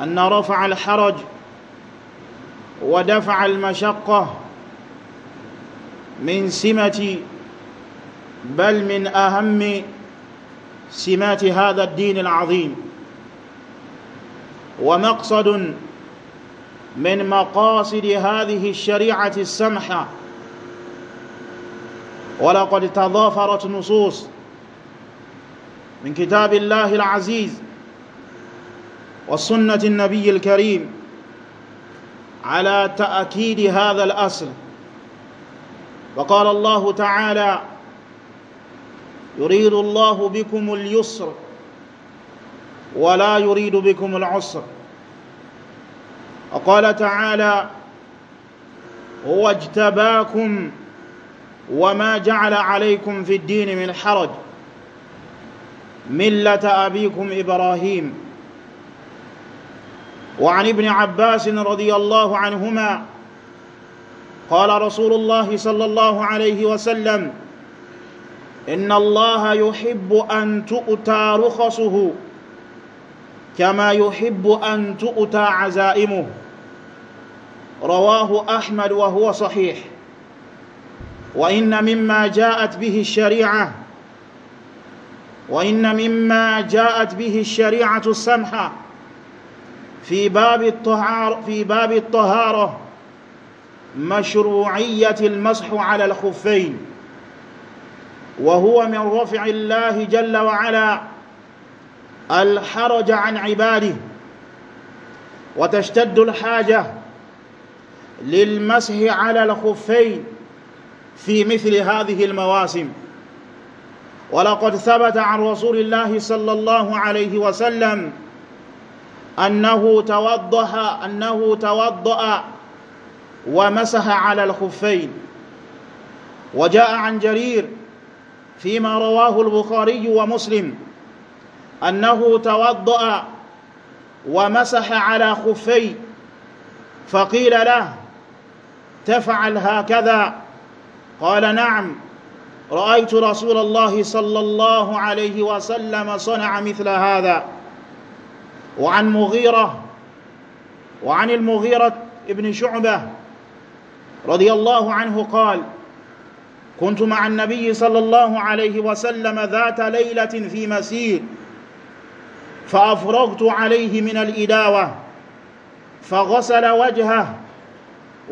أن رفع الحرج ودفع المشقة من سمة بل من أهم سمات هذا الدين العظيم ومقصد من مقاصد هذه الشريعة السمحة ولقد تضافرت نصوص من كتاب الله العزيز وسنة النبي الكريم على تأكيد هذا الأصل وقال الله تعالى يريد الله بكم اليسر ولا يريد بكم العسر وقال تعالى هو اجتباكم وما جعل عليكم في الدين من حرج ملة أبيكم إبراهيم وعن ابن عباس رضي الله عنهما قال رسول الله صلى الله عليه وسلم إن الله يحب أن تؤتى رخصه كما يحب أن تؤتى عزائمه رواه أحمد وهو صحيح وإن مما جاءت به الشريعة وإن مما جاءت به الشريعة السمحة في باب الطهار في باب الطهارة مشروعية المسح على الخفين وهو من رفع الله جل وعلا الحرج عن عباده وتشتد الحاجة للمسح على الخفين في مثل هذه المواسم ولقد ثبت عن رسول الله صلى الله عليه وسلم أنه توضح أنه توضأ ومسح على الخفين وجاء عن جرير فيما رواه البخاري ومسلم أنه توضأ ومسح على خفي فقيل له تفعل هكذا قال نعم رأيت رسول الله صلى الله عليه وسلم صنع مثل هذا وعن مغيرة وعن المغيرة ابن شعبة رضي الله عنه قال كنت مع النبي صلى الله عليه وسلم ذات ليلة في مسير فأفرغت عليه من الإداوة فغسل وجهه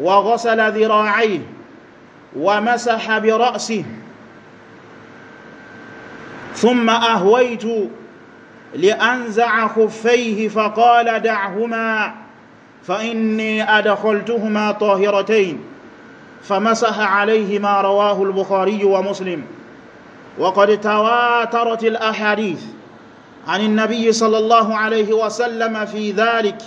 وغسل ذراعيه ومسح برأسه ثم أهويت لأنزع خفيه فقال دعهما فإني أدخلتهما طاهرتين فمسح عليهما رواه البخاري ومسلم وقد تواترت الأحاديث عن النبي صلى الله عليه وسلم في ذلك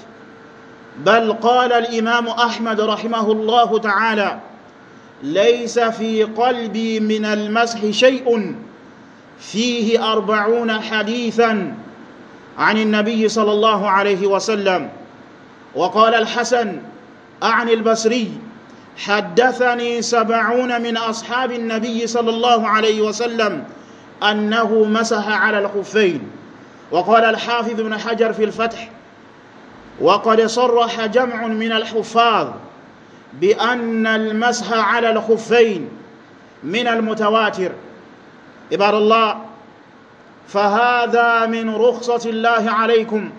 بل قال الإمام أحمد رحمه الله تعالى ليس في قلبي من المسح شيء فيه أربعون حديثاً عن النبي صلى الله عليه وسلم وقال الحسن عن البصري حدثني سبعون من أصحاب النبي صلى الله عليه وسلم أنه مسح على الخفين وقال الحافظ بن حجر في الفتح وقد صرح جمع من الحفاظ بأن المسح على الخفين من المتواتر عباد الله فهذا من رخصة الله عليكم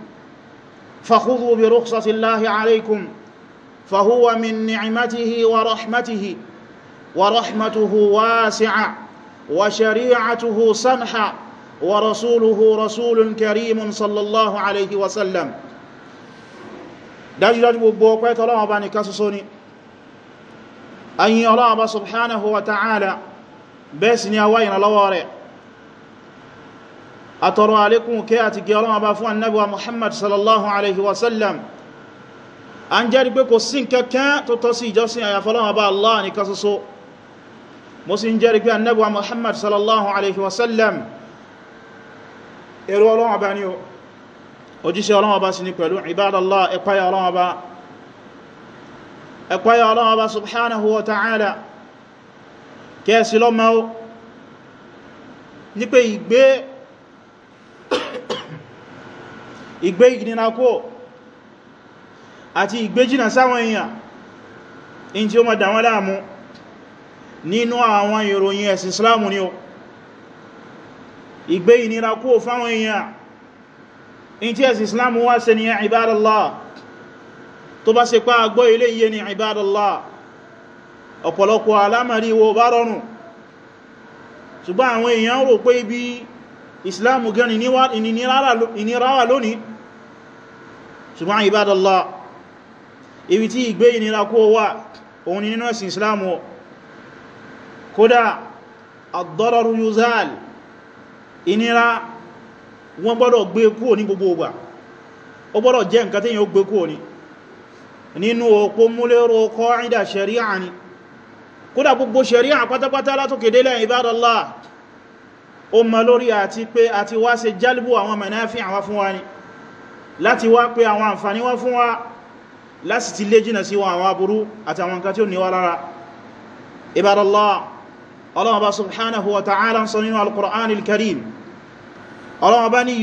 فخذوا برخصة الله عليكم فهو من نعمته ورحمته ورحمته واسعة وشريعته سمحة ورسوله رسول كريم صلى الله عليه وسلم dájúdájú gbogbo ọpẹ́ tọ́lọ́wọ́ bá ní kásọ́sọ́ ní ayin ọlọ́wọ́ bá subhanahu wa àtọrọ alékún kí àti gẹ ọlọ́wọ́ bá fún annabi wa muhammad sallallahu alaihi wasallam a ń jẹ́rìí pé kò sí nǹkankan tó tọ́ sí ìjọsìn àyàfọ́lọ́wọ́ bá allah ní kásúsó mo sì ń jẹ́rìí pé annabi muhammad sallallahu alaihi wasallam ẹ̀rọ ọlọ́wọ́ bá ní o òjíṣẹ́ ọlọ́wọ́ bá sí ní pẹ̀lú ibadallah ìgbé ìgbìnàkó àti ìgbé jìnà sáwọn èèyàn in tí ó máa dà wọ́n láàmú nínú àwọn ìròyìn ẹ̀sìn islamu ni ó ìgbé ìnira kó fáwọn èèyàn in tí ẹ̀sìn islamu wá ni ní ibadallah tó bá ṣe pá agbó ilé iye ni ibadallah ọ̀pọ̀lọpọ̀ alamari wo bá rọrùn ṣùgbọ́n àwọn èèyàn rò pé ibi islamu gan ìnira wà lónìí ṣùgbọ́n ibadallah ibi tí ìgbé ìnira kó wà òun ni nínú ẹ̀sìn islamu kódà ad-dararu yuzal ìnira wọ́n gbọ́dọ̀ gbé kúrò ní gbogbo ọgbà ó gbọ́dọ̀ jẹ́ nǹkan tí yíò gbé kúrò ní nínú òpó múlérò kọ́ ìdà ṣẹ̀ríà ni kódà gbogbo ṣẹ̀ríà pátápátá látòkèdélẹ̀ ibadallah ó mọ lórí àti pé àti wá ṣe jálbù àwọn mẹ́náfí àwọn fún wa ni láti wá pé àwọn àǹfàní wọ́n fún wa láti ti lé jìnà sí wọn àwọn aburú àti àwọn nǹkan tí ó níwá lára ibadallá ọlọ́wọ́ bá subhanahu wa ta'ala sọ nínú al-Qur'an il-karim ọlọ́wọ́ bá ní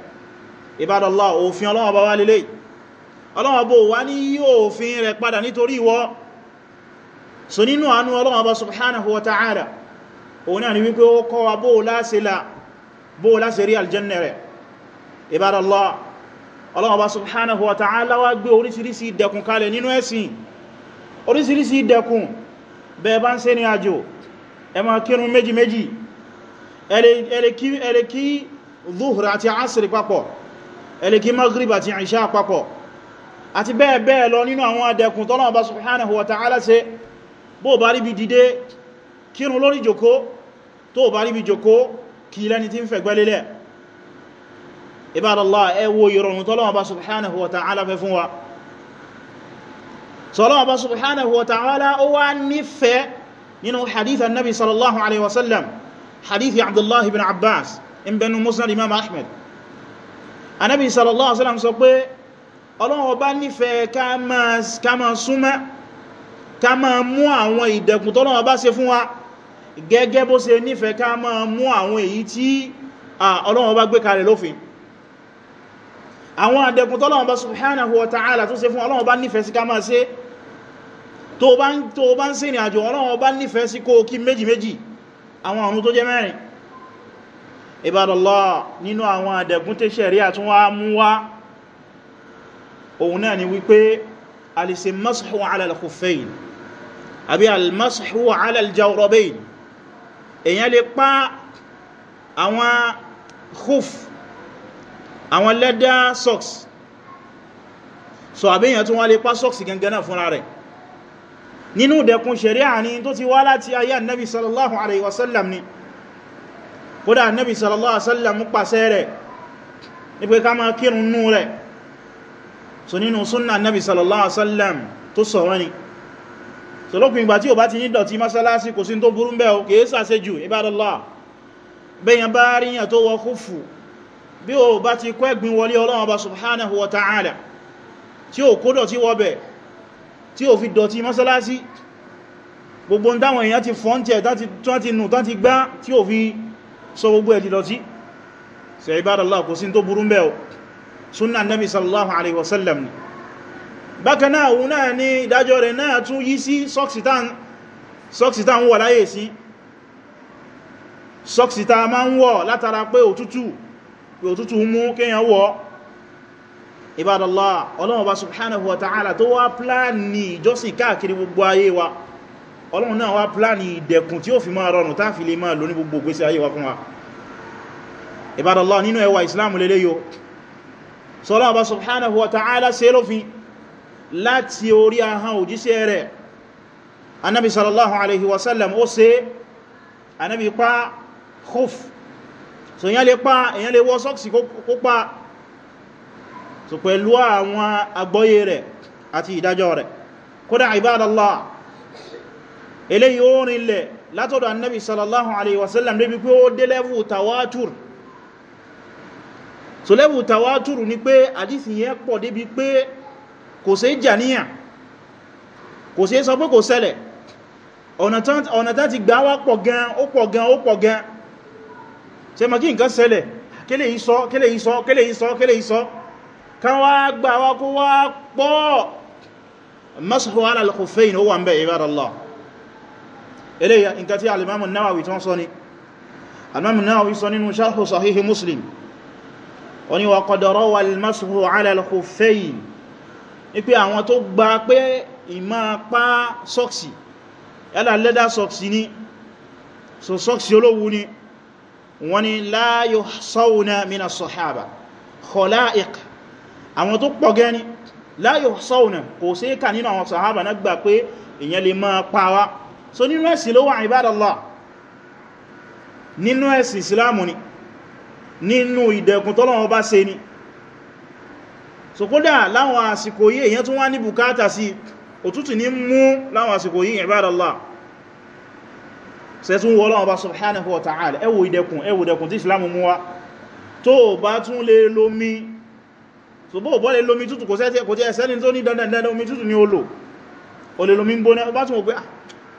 ìbádọ́lá òfin ọlọ́wọ́ bá wá lélé ọlọ́wọ́ bó wá ní yóò fin rẹ̀ padà nítorí ìwọ so nínú àánú ọlọ́wọ́ bá subhanahu wa ta'ala òun náà ni wípé ó kọ́ wa bó láṣe rí aljanna rẹ̀ ìbádọ́lá ọlọ́wọ́ bá subhanahu wa ta'ala wá gbé orísìírísìí ìdẹ̀kùn kalẹ̀ nínú ẹ̀sìn orísìírísìí ìdẹ̀kùn bẹ́ẹ̀ bá àti asiri papọ̀ ẹlẹ́kí maghrib àti ìṣà àpapọ̀ àti bẹ́ẹ̀ bẹ́ẹ̀ lọ nínú àwọn adẹkùn tọ́lọ́wọ́ bá subhanahu wa ta'ala ṣe bó bá ríbi dìde kírun lórí jòkó tó bá ríbi jòkó kí lẹ́ni tí ń fẹ̀gbẹ́ lélẹ̀ ibadallah ẹ wo ìrọ̀rùn tọ́lọ́wọ́ bá subhanahu wa ta'ala fẹ́ fún wa sọ́lọ́wọ́ bá subhanahu wa ta'ala ó wá nífẹ̀ẹ́ nínú hadith annabi sallallahu alaihi anábi sallallahu alaihi wasallam sọ pé ọlọ́run ọba nífẹ̀ẹ́ ká máa súnmọ́ ká máa mú àwọn ìdẹ̀kùn tọ́lọ́run ọba ṣe fún wa gẹ́gẹ́ bó ṣe nífẹ̀ẹ́ ká máa mú àwọn èyí tí ọlọ́run ọba gbé kalẹ̀ lófin àwọn àdẹ̀kùn tọ́lọ́run ọba subhanahu wa ta'ala tó ṣe fún ọlọ́run ọba nífẹ̀ẹ́ sí ká máa ṣe tó bá ń ṣe ìrìn àjò ọlọ́run ọba nífẹ̀ẹ́ sí kó kí méjì méjì àwọn ọ̀run tó jẹ́ mẹ́rin Ibadallah nínú àwọn àdẹ̀gún tí ṣẹ̀ríà tún wá mú wá òun náà ni wípé alìsí masu ala al-khuffayn àbí almasu ala al-jawrabayn èyàn lè pa àwọn khuf àwọn leather socks so àbíyàn tún wá lè pa socks gangan náà fúnra rẹ̀ nínú dẹ̀kún ṣẹ̀ríà ni tó ti wá láti ayé annabi sallallahu alaihi wasallam ni kódà Ànábì sallallahu alaihi wasallam pàṣẹ rẹ̀ ní pé ká máa kírun nú rẹ̀ so nínú súnnà Ànábì sallallahu alaihi wasallam tó sọ̀rọ̀ ni so lópin ìgbà tí ò bá ti ní dọ̀tí mọ́sálásí kò sí tó burú bẹ́ o kìí sàṣe jù ibadallah bẹ́yàn bá ríyàn tó wọ kúfù bí o bá ti kọ́ ẹ̀gbin wọlé Ọlọ́run Ọba subhanahu wa ta'ala tí ó kó dọ̀tí tí ó fi dọ̀tí mọ́sálásí gbogbo ń dáwọn èèyàn ti fọ́ntẹ̀ tán ti nù tán ti gbá tí ó fi so gbogbo ẹ̀dì lọ sí ṣe ibadallah kò sí tó burú bẹ́ o sunna nabi sallallahu alaihi wasallam ni bákan náà òun náà ni ìdájọ́ rẹ̀ náà tún yí sí sọ́ksì tá ń wọ̀ láyé sí sọ́ksì tá máa ń wọ̀ látara pé òtútù mú kíyàn wọ̀ ibadallah ọlọ́wọ́ bá subhanahu wa ta'ala tó wá pláàni ìjọsìn káàkiri gbogbo ayé wa ọlọ́run náà wá pláàni ìdẹ̀kùn tí ó fi máa rọrùn tá fi lè máa lò ní gbogbo ìgbésí ayé wa fún wa ìbádọ́lá nínú ẹwà ìsìláàmù lélé yóò sọ́lá ọba subhanahu wa ta'ala ṣe lófin láti orí ahán òjíṣẹ́ rẹ̀ anábi sallallahu alaihi wasallam ó ṣe anábi pa khuf so èyàn lè pa èyàn lè wọ sọ́ksì kó pa so pẹ̀lú àwọn agbóyé rẹ̀ àti ìdájọ́ rẹ̀ kódà ìbádọ́lá eléyìí ó rinlẹ̀ látọ̀dọ̀ annabi sallallahu alaihi wasallam débi pé ó dé lẹ́bù tawatur so lẹ́bù tawatur ni pé àdísì yẹn pọ̀ débi pé kò ṣe jàníyàn kò ṣe sọ pé kò ṣẹlẹ̀ ọ̀nà tán ti gbá wá pọ̀ gan ó pọ̀ gan ó pọ̀ gan ṣe mọ̀ kí nǹkan ṣẹlẹ̀ kílè ìsọ kílè ìsọ kílè ìsọ kílè kan wá gbà wá kó wá pọ̀ eléyà nǹkan tí alimamu náwàwí tó ń sọ ni alimamu náwàwí sọ nínú sharhu sahihi muslim wani wa kọ̀dọ̀rọ̀ wà mashu alalhuffayn ní pé àwọn tó gba pé ìmá pa sọ́ksì yálà lẹ́dà sọ́ksì ni so sọ́ksì olówú ni wani la yuhsawna mina sọ̀hábà khala'iq àwọn tó pọ̀ gẹni la yuhsawna kò sí kà nínú àwọn sọ̀hábà na gbà pé ìyẹn lè máa pa wá so nínú ẹ̀sìn ló wà ibadallah nínú ẹ̀sìn islamu ni nínú ìdẹ̀kùn tọ́lọ́wọ́ bá ṣe ni so kódà láwọn àsìkò yìí èyàn tún wá ní bùkátà sí òtútù ní mú láwọn àsìkò yìí ibadallah sẹ́tún wọ́lọ́wọ́ bá subhanahu wa ta'ala ẹwù ìdẹ̀kùn ẹwù ìdẹ̀kùn tí islamu ó lò ó lè lómi gbóná bá tún pé ah,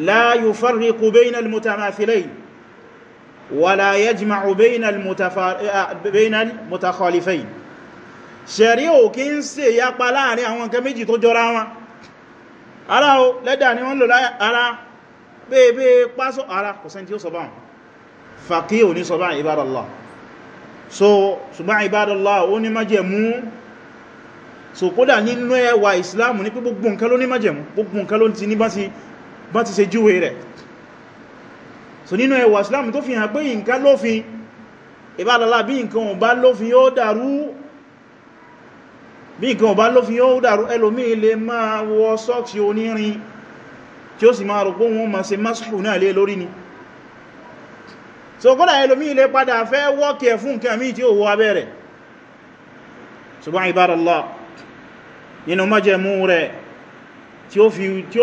لا يفرق بين المتماثلين ولا يجمع بين, المتفار... بين المتخالفين ṣẹ̀rí ò kí ń ṣe yapa láàrin àwọn nǹkan méjì tó jọra wọn ara o lẹ́dà ni wọ́n lò ara bèèbè pásọ ara kò sẹ́ntí ó sọ báwọn fàkí ò ní sọ báwọn ibádọ́lá so ṣùgbọ́n ibádọ́lá ó ní májẹ̀mú so kódà nínú ẹwà ìsìláàmù ní pé gbogbo nǹkan ló ní májẹ̀mú gbogbo nǹkan ló ti ní bá sí bá ti ṣe júwe rẹ̀ so nínú ẹwà islam tó fi hàn pé nǹkan lófin ìbálàlá bí nǹkan ò bá lófin yóò dàrú bí nǹkan ò bá lófin yóò dàrú ẹlòmí lè máa wọ sọ́ọ̀kì onírin tí ó sì máa rò pé wọ́n máa ṣe náà lé lórí ni so kódà ẹlòmí lè padà fẹ́ wọ́ọ̀kì fún nǹkan míì tí ó wọ abẹ́rẹ̀ ṣùgbọ́n ìbáràlá nínú májẹ̀mú rẹ̀ tí ó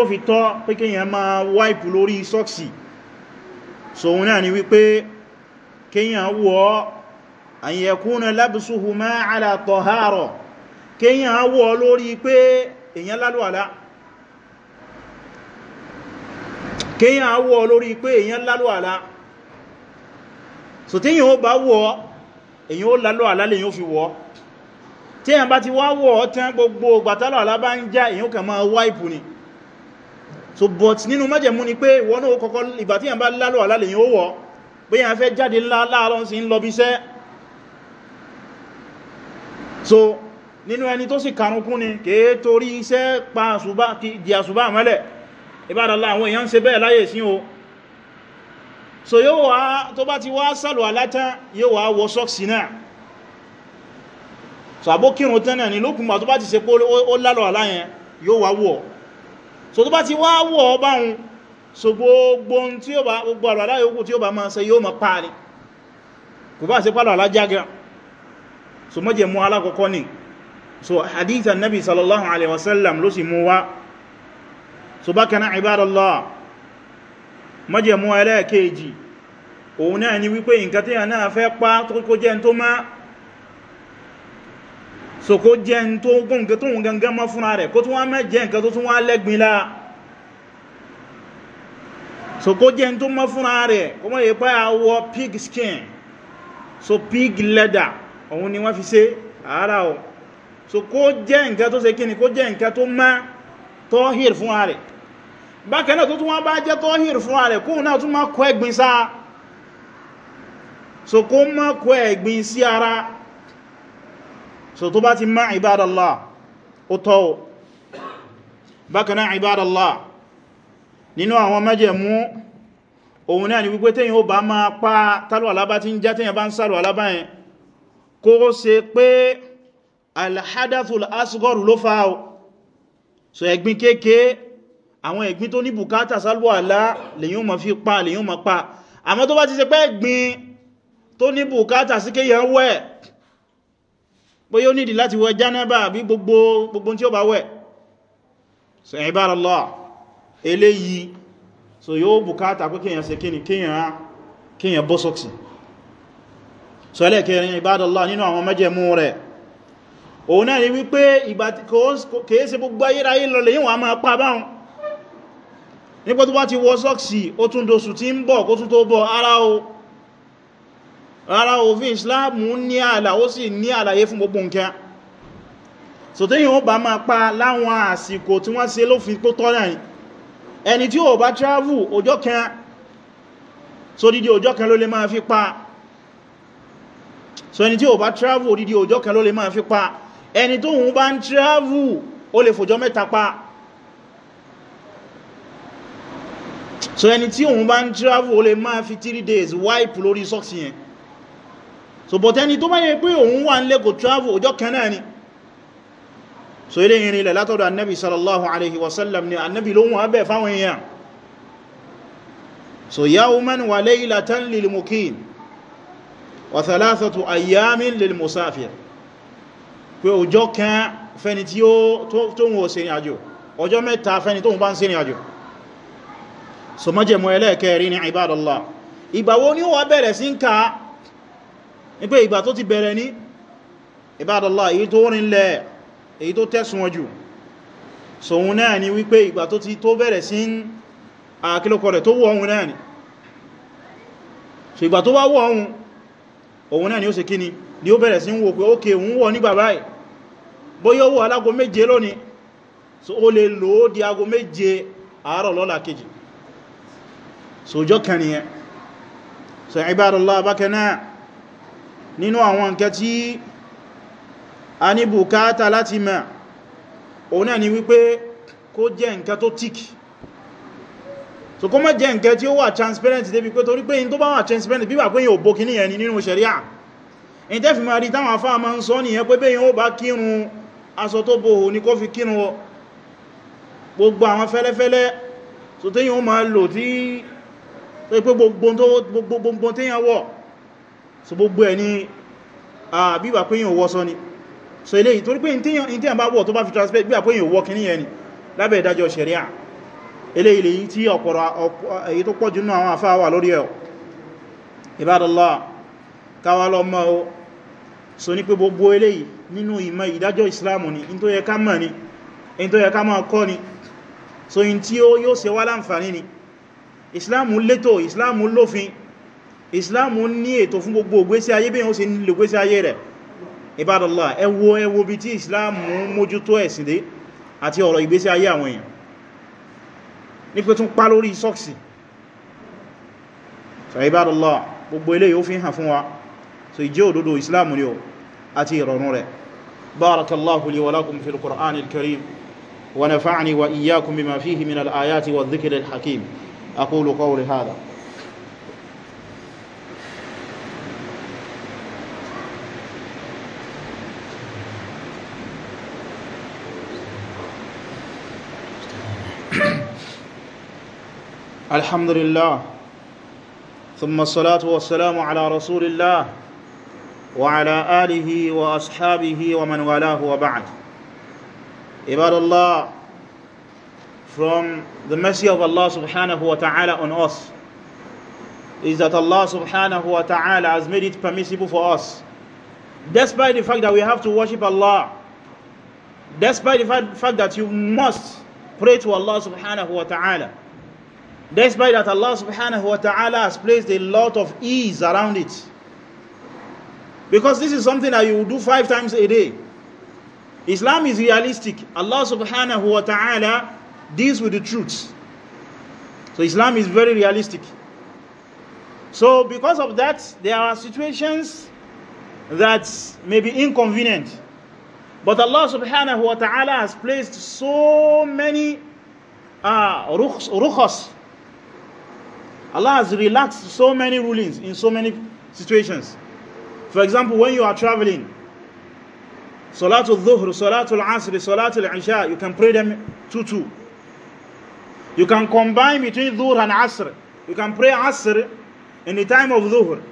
fi tọ́ pé kíyàn máa wáìpù lórí sọ́ksì so wọn náà ni wípé kíyàn wọ́ àyẹ̀kúnà lábùsùhù máa alàtọ̀hárọ̀ kíyàn wọ́ lórí pé èyàn lálùwàlá kíyàn wọ́ lórí pé èyàn lálùwàlá so tíyàn ó bá wọ́ èyàn ó lálùwàlá lè yóò fi wọ́ tí èyàn bá ti wá wọ̀ ọ́ tán gbogbo gbàtálọ̀ alábá ń já èyàn kàn máa wáìpù ni so but nínú májẹ̀mú ni pé wọ́n náà kọ́kọ́ ìgbà tí èyàn bá lálọ́ alálẹ̀ yóò wọ́ pé èyàn fẹ́ jáde láàárọ̀ sí ń lọ so nínú ẹni tó sì karunkún ni kèé torí iṣẹ́ pa àṣùbá di àṣùbá mẹ́lẹ̀ ìbádàlá àwọn èèyàn ń ṣe bẹ́ẹ̀ láyè sí o so yóò wá tó bá ti wá sálò alátán yóò wá wọ sọ́ọ̀sì náà so abókírun tán náà ni lókùnmà tó bá ti ṣe pé ó lálọ́ aláyẹn yóò wá wọ́ so tó bá ti wá wọ́ báhun so gbogbo tí ó bá gbogbo àrọ̀ aláyókù tí ó bá máa ṣe yóò máa parí kò bá ṣe pálọ̀ alájágá so mọ́jẹ̀ mú alákọ̀ọ́kọ́ ni so hadith annabi sallallahu alaihi wasallam ló sì mú wá so bákan náà ibadallah mọ́jẹ̀ mú ẹlẹ́ẹ̀kejì òun náà ni wípé nǹkan tí a náà fẹ́ pa tó kó jẹ́ tó máa so kó jẹ́ n tó gún nǹkan tó ń gangan mọ́ fúnra rẹ̀ kó tún wá má jẹ́ nǹkan tó tún wá lẹ́gbìn láà so kó jẹ́ n tó mọ́ fúnra rẹ̀ kó mọ́ yẹ pé àwọ pig skin so pig leather òun ni wọ́n fi ṣe ara o so kó jẹ́ nǹkan tó ṣe kíni kó jẹ́ nǹkan tó mọ́ tọ́hìr fúnra rẹ̀ bákan náà tó tún wá bá jẹ́ tọ́hìr fúnra rẹ̀ kóhun náà tún má kó ẹ̀gbin sáà so tó bá ti má ibadallah ó tọ́ bákaná ibadallah nínú àwọn májẹ̀mú òun náà ni wípé tẹ́yìn ó bá máa pa tálùwàlá bá ti ń já tẹ́yìn bá ń sálùwàlá báyẹn kó ó ṣe pé alhadathul asgharu ló fa o so ẹ̀gbin kéèké àwọn ẹ̀gbin tó ní bùkátà sálùwàlá lèyìn ma fi pa lèyìn ma pa àmọ́ tó bá ti ṣe pé ẹ̀gbin tó ní bùkátà sí kéyàn wẹ́ẹ̀ bó yóò nídi láti wọ jánábà bí gbogbo gbogbo tí ó bá wẹ̀ so ibadallah eléyìí so yóò bùkátà pé kíyàn ṣe kíni kíyàn bọ́ sọ́ksì so ẹlẹ́kẹrin ibadallah nínú àwọn májẹ̀mú rẹ̀ òun náà ni wípé ìgbà kìí ṣe gbogbo ayérayé lọlẹ̀ yíwọ̀n a máa pa báhùn nípa tó bá ti wọ sọ́ksì ó tún dosù tí ń bọ̀ rárá òfin islam ní ààlà ó sì ní àlàyé fún gbogbo nǹkan so tí yíò bá máa pa láwọn àsìkò tí wọ́n ṣe lófin pó tọ́lá yìí ẹni tí ó bá travel ọjọ́ kan so dídí ọjọ́ kan ló lè máa fi pa so ẹni tí ó bá travel dídí ọjọ́ kan ló lè máa fi pa ẹni tó hùn bá ń travel ó lè fòjọ́ mẹ́ta pa so ẹni tí òun bá ń travel ó lè máa fi 3 days wipe lórí sọ́ọ̀sì yẹn so but ẹni tó bá yẹ pé òun wà nílé kò travel ọjọ́ kan náà ni so ilé ìrìn ilẹ̀ látọ̀dọ̀ annabi sallallahu alaihi wasallam ni annabi ló wọ́n abẹ́ fáwọn èèyàn so yawman wa laylatan lil muqim wa thalathatu ayyamin lil musafir pé ọjọ́ kan fẹni tí ó tó wọ́n ṣe ní àjò ọjọ́ mẹ́ta fẹni tó ń bá ń ṣe ní àjò so májẹ̀mọ́ ẹlẹ́ẹ̀kẹ́rin ni ibadallah ìgbàwo ni ó wà bẹ̀rẹ̀ sí ń ka ní pé ìgbà tó ti bẹ̀rẹ̀ ní ìbádọ́lá èyí tó wọ́n nílẹ̀ èyí tó tẹ́sùn ọjù sòun náà ni wípé ìgbà tó ti tó bẹ̀rẹ̀ sí àkílòkọ̀ rẹ̀ tó wọ́ ohun náà ni so ìgbà tó wá wọ́ ohun ohun náà ni ó ṣe kíni ni ó bẹ̀rẹ̀ sí ń wò pé ókè òun wọ́ nígbà báyìí bóyá ó alágo méje lónìí so ó lè lò ó di ago méje àárọ̀ lọ́la kejì so ọjọ́ kan nìyẹn so ìbádọ́lá bákan náà nínú àwọn nǹkan tí a ní bùkátà láti mẹ́ òun ni wípé kó jẹ́ nǹkan tó tíkì so kó má jẹ́ nǹkan tí ó wà transparent débi pé torí pé in tó bá wà transparent bí wà pé yíò bó kíní ẹni nínú ṣẹ̀ríà in tẹ́fì máa rí táwọn afá ma ń sọ nìyẹn pé bẹ́yìn ó bá kírun aṣọ tó bòhò ní kó so tẹ́yìn ó máa lò tí pé gbogbo tẹ́yìn wọ̀ so gbogbo ẹni àbíbà pé yíò wọ́sọ́ ni so eléyìí torí pé ní tí a bá wọ́ tó bá fi transfer gbígbà pé yíò wọ́ kì ní ẹni lábẹ́ ìdájọ́ ṣẹ̀ríà eléyìí lèyí tí ọ̀pọ̀rọ̀ èyí tó pọ̀jù nínú àwọn àfáà wà lórí ẹ̀ Ibadallah káwà lọ mọ́ o so ní ni in tó yẹ ni in tó yẹ ká máa ni so in tí ó yóò ṣe wá láǹfààní ni ìsìláàmù létò islam ní ètò fún gbogbo ògbésí ayé bí yíò sí nílò ògbésí ayé rẹ̀ ibadallah ẹ wò ẹ wò bí tí islam mójútó ẹ̀sìn dé àti ọ̀rọ̀ ìgbésí ayé àwọn èèyàn ní pé tún pá lórí sọ́ksì so ibadallah gbogbo ilé yóò fi hàn fún wa so ìjẹ́ òdodo islam ni o àti ìrọ̀rùn rẹ̀ barakallahu li wa lakum fil qur'an al-karim wa nafa'ani wa iyyakum bima fihi min al-ayati wa الحمد لله ثم الصلاة والسلام على رسول الله وعلى آله وأصحابه ومن والاه وبعد عباد Allah from the mercy of Allah subhanahu wa ta'ala on us is that Allah subhanahu wa ta'ala has made it permissible for us despite the fact that we have to worship Allah despite the fact that you must pray to Allah subhanahu wa ta'ala Despite that Allah subhanahu wa ta'ala has placed a lot of ease around it. Because this is something that you will do five times a day. Islam is realistic. Allah subhanahu wa ta'ala deals with the truth. So Islam is very realistic. So because of that, there are situations that may be inconvenient. But Allah subhanahu wa ta'ala has placed so many uh, rukhs, rukhs Allah has relaxed so many rulings in so many situations. For example, when you are traveling, Salatul Dhuhr, Salatul Asr, Salatul Isha, you can pray them two two. You can combine between Dhuhr and Asr. You can pray Asr in the time of Dhuhr.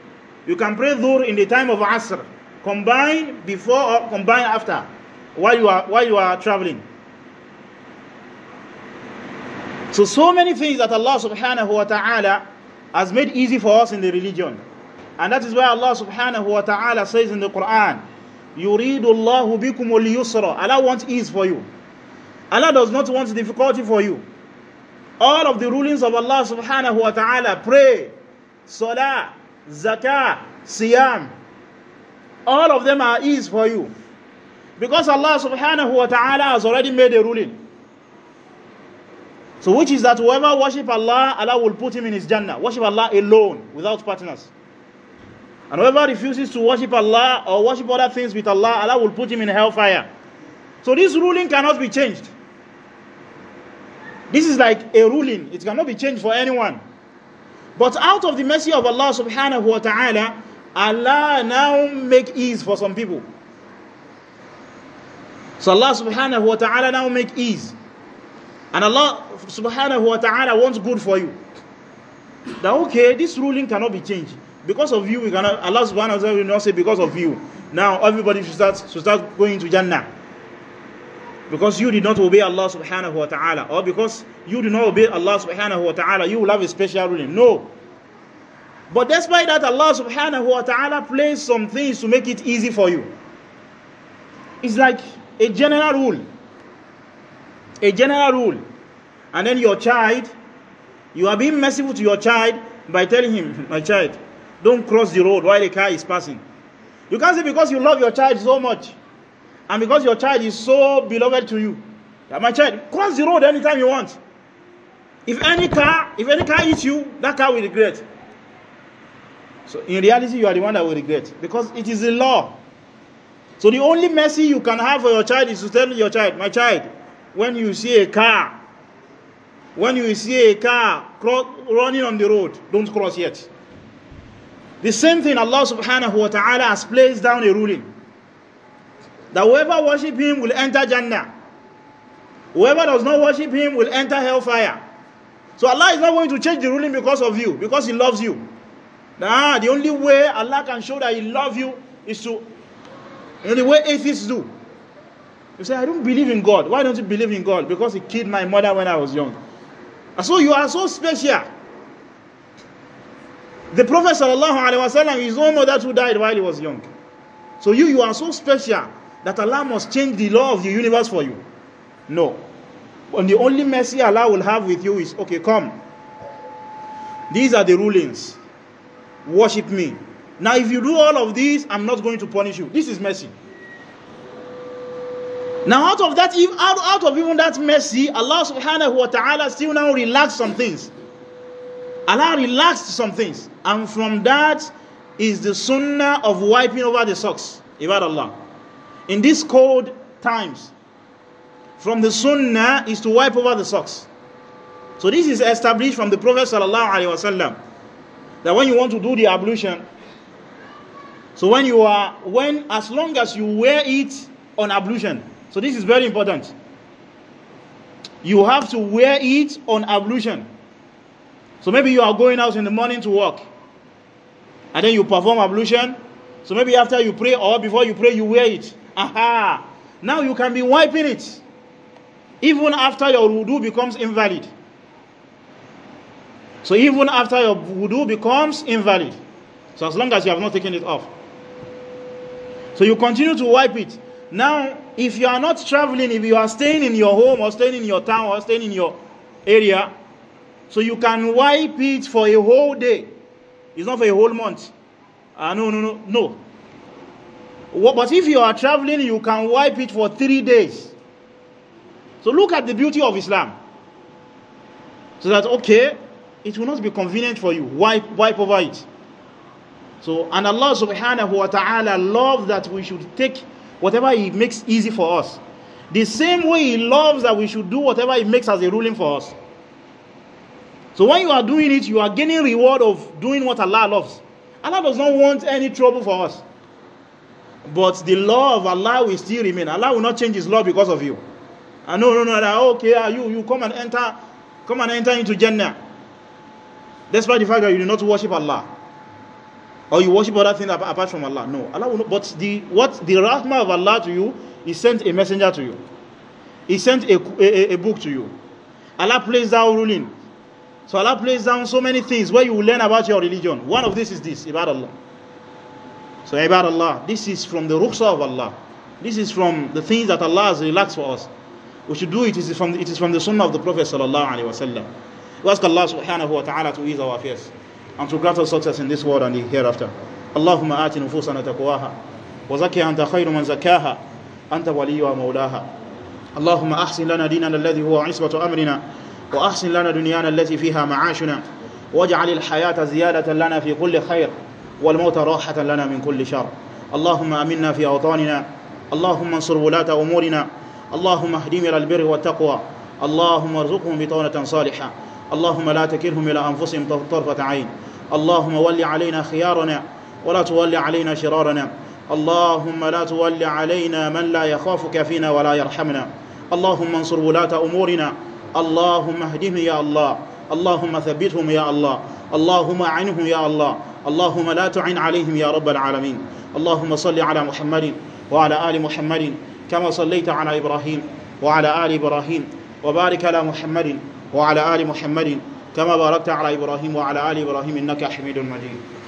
You can pray Dhuhr in the time of Asr. Combine before or combine after while you are, while you are traveling. So, so many things that Allah subhanahu wa ta'ala has made easy for us in the religion. And that is why Allah subhanahu wa ta'ala says in the Quran, يُرِيدُ اللَّهُ بِكُمُ الْيُسْرَ Allah wants ease for you. Allah does not want difficulty for you. All of the rulings of Allah subhanahu wa ta'ala, pray, salah, zakah, siyam, all of them are ease for you. Because Allah subhanahu wa ta'ala has already made a ruling. So which is that whoever worship Allah, Allah will put him in his Jannah. Worship Allah alone, without partners. And whoever refuses to worship Allah or worship other things with Allah, Allah will put him in hellfire. So this ruling cannot be changed. This is like a ruling. It cannot be changed for anyone. But out of the mercy of Allah subhanahu wa ta'ala, Allah now make ease for some people. So Allah subhanahu wa ta'ala now make ease. And Allah subhanahu wa ta'ala wants good for you. That okay, this ruling cannot be changed. Because of you, we cannot Allah subhanahu wa ta'ala will not say because of you. Now everybody should start should start going to Jannah. Because you did not obey Allah subhanahu wa ta'ala, or because you did not obey Allah subhanahu wa ta'ala, you will have a special ruling. No. But despite that, Allah subhanahu wa ta'ala plays some things to make it easy for you. It's like a general rule a general rule and then your child you are being merciful to your child by telling him my child don't cross the road while a car is passing you can't say because you love your child so much and because your child is so beloved to you that my child cross the road anytime you want if any car if any car hits you that car will regret so in reality you are the one that will regret because it is the law so the only mercy you can have for your child is to tell your child my child when you see a car, when you see a car running on the road, don't cross yet. The same thing Allah subhanahu wa ta'ala has placed down a ruling. That whoever worship him will enter Jannah. Whoever does not worship him will enter hellfire. So Allah is not going to change the ruling because of you, because he loves you. Nah, the only way Allah can show that he loves you is to, in the way atheists do, you say, I don't believe in God. Why don't you believe in God? Because he killed my mother when I was young. And so you are so special. The Prophet sallallahu alaihi wasallam, his own mother who died while he was young. So you, you are so special that Allah must change the law of the universe for you. No. And the only mercy Allah will have with you is, okay, come. These are the rulings. Worship me. Now, if you do all of these, I'm not going to punish you. This is mercy. Now, out of that, out, out of even that mercy, Allah subhanahu wa ta'ala still now relaxed some things. Allah relaxed some things. And from that is the sunnah of wiping over the socks. Allah. In these cold times, from the sunnah is to wipe over the socks. So this is established from the Prophet sallallahu alaihi wasallam that when you want to do the ablution, so when you are, when as long as you wear it on ablution, so this is very important. You have to wear it on ablution. So maybe you are going out in the morning to work. And then you perform ablution. So maybe after you pray or before you pray, you wear it. Aha! Now you can be wiping it. Even after your wudu becomes invalid. So even after your wudu becomes invalid. So as long as you have not taken it off. So you continue to wipe it. Now if you are not traveling, if you are staying in your home or staying in your town or staying in your area, so you can wipe it for a whole day. It's not for a whole month. Uh, no, no, no, no. But if you are traveling, you can wipe it for three days. So look at the beauty of Islam. So that, okay, it will not be convenient for you. Wipe, wipe over it. So, and Allah subhanahu wa ta'ala love that we should take whatever he makes easy for us. The same way he loves that we should do whatever he makes as a ruling for us. So when you are doing it, you are gaining reward of doing what Allah loves. Allah does not want any trouble for us. But the law of Allah will still remain. Allah will not change his law because of you. And ah, no, no, no, that, okay, ah, you, you come and enter, come and enter into Jannah. Despite the fact that you do not worship Allah or you worship other things apart from Allah. No, Allah will not. But the what the rahmah of Allah to you, He sent a messenger to you. He sent a, a, a book to you. Allah plays down ruling. So Allah plays down so many things where you will learn about your religion. One of this is this, about Allah. So about Allah, this is from the rukhsah of Allah. This is from the things that Allah has relaxed for us. We should do it. It is from, it is from the sunnah of the Prophet sallallahu alaihi wasallam. We ask Allah subhanahu wa ta'ala to ease our affairs. and to grant us success in this world and the hereafter اللهم آت نفوسنا تقواها وزكها أنت خير من زكاها أنت وليها مولاها اللهم أحسن لنا ديننا الذي هو عصبة أمرنا وأحسن لنا دنيانا التي فيها معاشنا واجعل الحياة زيادة لنا في كل خير والموت راحة لنا من كل شر اللهم أمنا في أوطاننا اللهم انصر ولاة أمورنا اللهم اهدمر البر والتقوى اللهم ارزقهم بطونة صالحة اللهم لا تكلهم إلى أنفسهم طرفة عين اللهم ول علينا خيارنا ولا تول علينا شرارنا اللهم لا تول علينا من لا يخافك فينا ولا يرحمنا اللهم انصر ولاة أمورنا اللهم اهدهم يا الله اللهم ثبتهم يا الله اللهم عنهم يا الله اللهم لا تعن عليهم يا رب العالمين اللهم صل على محمد وعلى آل محمد كما صليت على إبراهيم وعلى آل إبراهيم وبارك على محمد وعلى آل محمد كما باركت على إبراهيم وعلى آل إبراهيم إنك حميد مجيد